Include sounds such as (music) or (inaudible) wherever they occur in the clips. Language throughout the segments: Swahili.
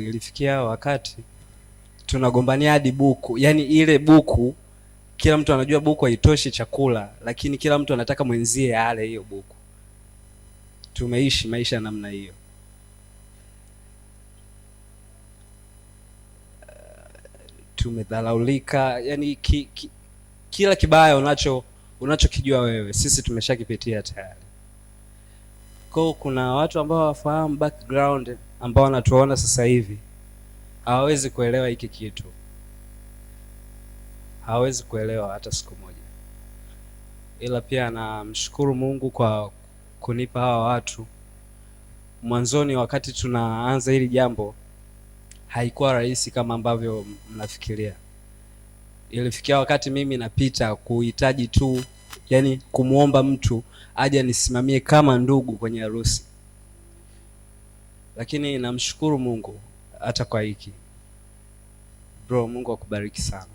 Ilifikia wakati tunagombania hadi buku, yaani ile buku, kila mtu anajua buku haitoshi chakula, lakini kila mtu anataka mwenzie ale hiyo buku. Tumeishi maisha namna hiyo. Tumedharaulika, yani ki, ki, kila kibaya unacho unachokijua wewe, sisi tumeshakipitia tayari. Kwa kuna watu ambao wafahamu background ambao wanatuona sasa hivi hawawezi kuelewa hiki kitu, hawawezi kuelewa hata siku moja. Ila pia namshukuru Mungu kwa kunipa hawa watu. Mwanzoni wakati tunaanza hili jambo haikuwa rahisi kama ambavyo mnafikiria. Ilifikia wakati mimi napita kuhitaji tu, yani kumwomba mtu aje nisimamie kama ndugu kwenye harusi lakini namshukuru Mungu hata kwa hiki bro. Mungu akubariki sana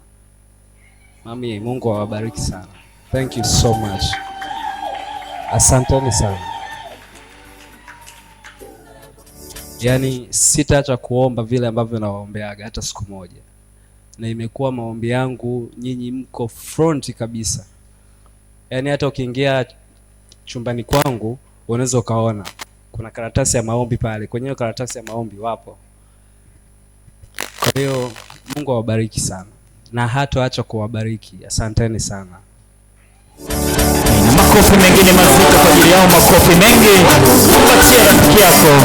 mami, Mungu awabariki sana. Thank you so much, asanteni sana. Yaani sitaacha kuomba vile ambavyo nawaombeaga hata siku moja, na imekuwa maombi yangu. Nyinyi mko front kabisa, yaani hata ukiingia chumbani kwangu unaweza ukaona kuna karatasi ya maombi pale. Kwenye hiyo karatasi ya maombi wapo. Kwa hiyo Mungu awabariki sana na hatoacha kuwabariki. Asanteni sana makofi mengine mazito kwa ajili yao, makofi mengi. Patia rafiki yako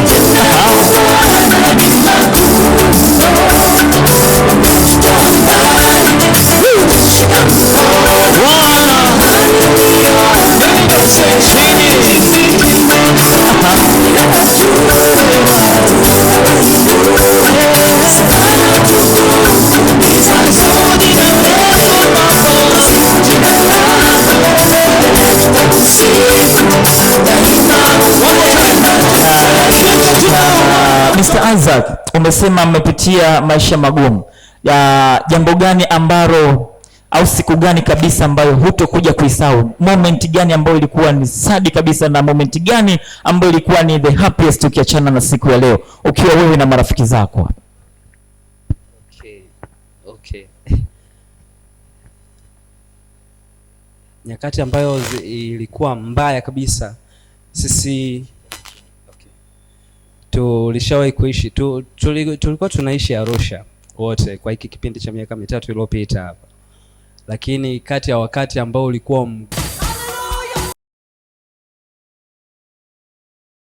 Mr. Isaac, umesema mmepitia maisha magumu ya jambo gani ambalo au siku gani kabisa ambayo hutokuja kuisahau? Moment gani ambayo ilikuwa ni sadi kabisa, na moment gani ambayo ilikuwa ni the happiest, ukiachana na siku ya leo, ukiwa wewe na marafiki zako? Okay. Okay. (laughs) nyakati ambayo ilikuwa mbaya kabisa sisi tulishawahi kuishi tu, tulikuwa tunaishi Arusha wote kwa hiki kipindi cha miaka mitatu iliyopita hapa, lakini kati ya wakati ambao ulikuwa